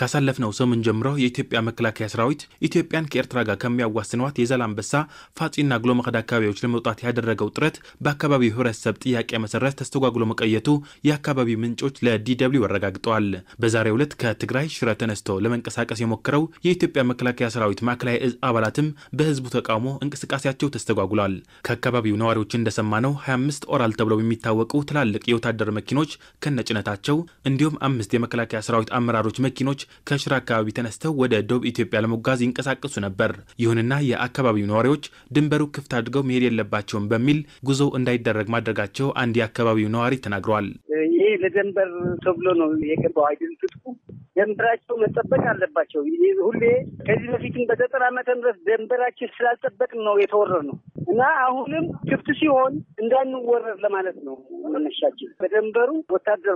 ካሳለፍነው ሰሞን ጀምሮ የኢትዮጵያ መከላከያ ሰራዊት ኢትዮጵያን ከኤርትራ ጋር ከሚያዋስነዋት የዛላምበሳ ፋጺና ግሎ መቀዳ አካባቢዎች ለመውጣት ያደረገው ጥረት በአካባቢው ህብረተሰብ ጥያቄ መሰረት ተስተጓጉሎ መቀየቱ የአካባቢው ምንጮች ለዲደብሊው አረጋግጠዋል። በዛሬው ዕለት ከትግራይ ሽረ ተነስቶ ለመንቀሳቀስ የሞከረው የኢትዮጵያ መከላከያ ሰራዊት ማዕከላዊ እዝ አባላትም በህዝቡ ተቃውሞ እንቅስቃሴያቸው ተስተጓጉሏል። ከአካባቢው ነዋሪዎች እንደሰማነው 25 ኦራል ተብለው የሚታወቁ ትላልቅ የወታደር መኪኖች ከነጭነታቸው እንዲሁም አምስት የመከላከያ ሰራዊት አመራሮች መኪኖች ከሽራ አካባቢ ተነስተው ወደ ደቡብ ኢትዮጵያ ለመጓዝ ይንቀሳቀሱ ነበር። ይሁንና የአካባቢው ነዋሪዎች ድንበሩ ክፍት አድርገው መሄድ የለባቸውም በሚል ጉዞ እንዳይደረግ ማድረጋቸው አንድ የአካባቢው ነዋሪ ተናግረዋል። ይሄ ለድንበር ተብሎ ነው የገባው አይደል? ትጥቁ ደንበራቸው መጠበቅ አለባቸው። ሁሌ ከዚህ በፊትም በዘጠና ዓመተ ምህረት ደንበራችን ስላልጠበቅን ነው የተወረር ነው እና አሁንም ክፍት ሲሆን እንዳንወረር ለማለት ነው መነሻችን። በደንበሩ ወታደር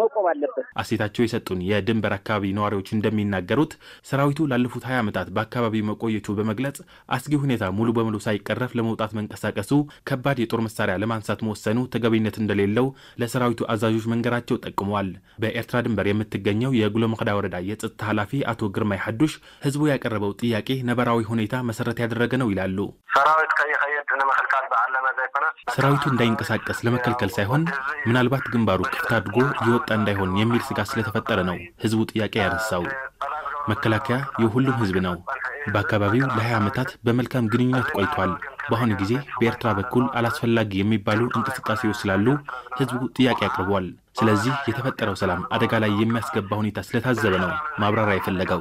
መቆም አለበት። አሴታቸው የሰጡን የድንበር አካባቢ ነዋሪዎች እንደሚናገሩት ሰራዊቱ ላለፉት ሀያ ዓመታት በአካባቢው መቆየቱ በመግለጽ አስጊ ሁኔታ ሙሉ በሙሉ ሳይቀረፍ ለመውጣት መንቀሳቀሱ፣ ከባድ የጦር መሳሪያ ለማንሳት መወሰኑ ተገቢነት እንደሌለው ለሰራዊቱ አዛዦች መንገራቸው ጠቅመዋል። በኤርትራ ድንበር የምትገኘው የጉሎ መቅዳ ወረዳ የጸጥታ ኃላፊ አቶ ግርማይ ሐዱሽ ህዝቡ ያቀረበው ጥያቄ ነበራዊ ሁኔታ መሰረት ያደረገ ነው ይላሉ። ሰራዊቱ እንዳይንቀሳቀስ ለመከልከል ሳይሆን ምናልባት ግንባሩ ክፍት አድጎ እየወጣ እንዳይሆን የሚል ስጋት ስለተፈጠረ ነው ህዝቡ ጥያቄ ያነሳው። መከላከያ የሁሉም ህዝብ ነው። በአካባቢው ለ20 ዓመታት በመልካም ግንኙነት ቆይቷል። በአሁኑ ጊዜ በኤርትራ በኩል አላስፈላጊ የሚባሉ እንቅስቃሴዎች ስላሉ ህዝቡ ጥያቄ አቅርቧል። ስለዚህ የተፈጠረው ሰላም አደጋ ላይ የሚያስገባ ሁኔታ ስለታዘበ ነው ማብራሪያ የፈለገው።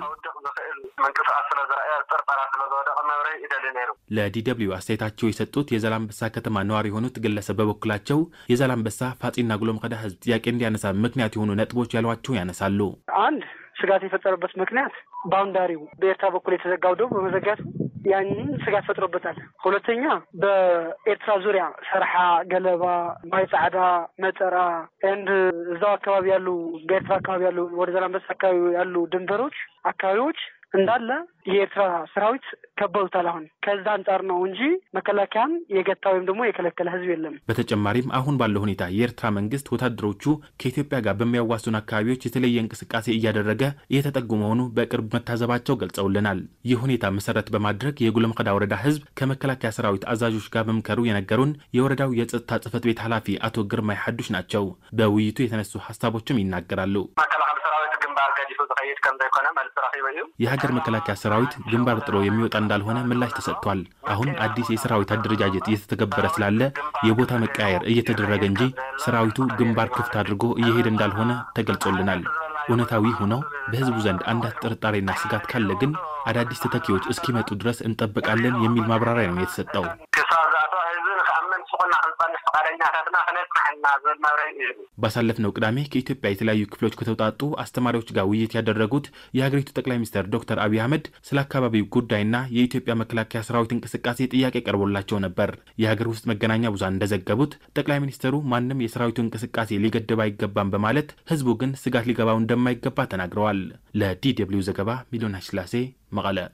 ለዲደብሊው አስተያየታቸው የሰጡት የዛላምበሳ ከተማ ነዋሪ የሆኑት ግለሰብ በበኩላቸው የዛላምበሳ ፋጺና ከዳ ህዝብ ጥያቄ እንዲያነሳ ምክንያት የሆኑ ነጥቦች ያሏቸው ያነሳሉ። አንድ ስጋት የፈጠረበት ምክንያት ባውንዳሪው በኤርትራ በኩል የተዘጋው ደቡብ በመዘጋቱ ያንን ስጋት ፈጥሮበታል። ሁለተኛ በኤርትራ ዙሪያ ሰርሓ፣ ገለባ፣ ማይ ፃዕዳ፣ መጠራ ኤንድ እዛው አካባቢ ያሉ በኤርትራ አካባቢ ያሉ ወደ ዛላምበሳ አካባቢ ያሉ ድንበሮች አካባቢዎች እንዳለ የኤርትራ ሰራዊት ከበውታል። አሁን ከዛ አንጻር ነው እንጂ መከላከያም የገታ ወይም ደግሞ የከለከለ ህዝብ የለም። በተጨማሪም አሁን ባለው ሁኔታ የኤርትራ መንግስት ወታደሮቹ ከኢትዮጵያ ጋር በሚያዋስኑ አካባቢዎች የተለየ እንቅስቃሴ እያደረገ እየተጠጉ መሆኑ በቅርብ መታዘባቸው ገልጸውልናል። ይህ ሁኔታ መሰረት በማድረግ የጉለምከዳ ወረዳ ህዝብ ከመከላከያ ሰራዊት አዛዦች ጋር መምከሩ የነገሩን የወረዳው የጸጥታ ጽህፈት ቤት ኃላፊ አቶ ግርማይ ሐዱሽ ናቸው። በውይይቱ የተነሱ ሀሳቦችም ይናገራሉ። የሀገር መከላከያ ሰራዊት ግንባር ጥሎ የሚወጣ እንዳልሆነ ምላሽ ተሰጥቷል። አሁን አዲስ የሰራዊት አደረጃጀት እየተተገበረ ስላለ የቦታ መቀያየር እየተደረገ እንጂ ሰራዊቱ ግንባር ክፍት አድርጎ እየሄደ እንዳልሆነ ተገልጾልናል። እውነታዊ ሆነው በህዝቡ ዘንድ አንዳት ጥርጣሬና ስጋት ካለ ግን አዳዲስ ተተኪዎች እስኪመጡ ድረስ እንጠብቃለን የሚል ማብራሪያ ነው የተሰጠው። ብፅቁና ክንፀንሕ ፈቃደኛታትና ክነፅናሕና ዝብል መብርሂ እዩ። ባሳለፍነው ቅዳሜ ከኢትዮጵያ የተለያዩ ክፍሎች ከተውጣጡ አስተማሪዎች ጋር ውይይት ያደረጉት የሀገሪቱ ጠቅላይ ሚኒስትር ዶክተር አብይ አህመድ ስለ አካባቢው ጉዳይና የኢትዮጵያ መከላከያ ሰራዊት እንቅስቃሴ ጥያቄ ቀርቦላቸው ነበር። የሀገር ውስጥ መገናኛ ብዙሃን እንደዘገቡት ጠቅላይ ሚኒስትሩ ማንም የሰራዊቱ እንቅስቃሴ ሊገድብ አይገባም በማለት ህዝቡ ግን ስጋት ሊገባው እንደማይገባ ተናግረዋል። ለዲ ደብልዩ ዘገባ ሚሊዮን ስላሴ መቀለ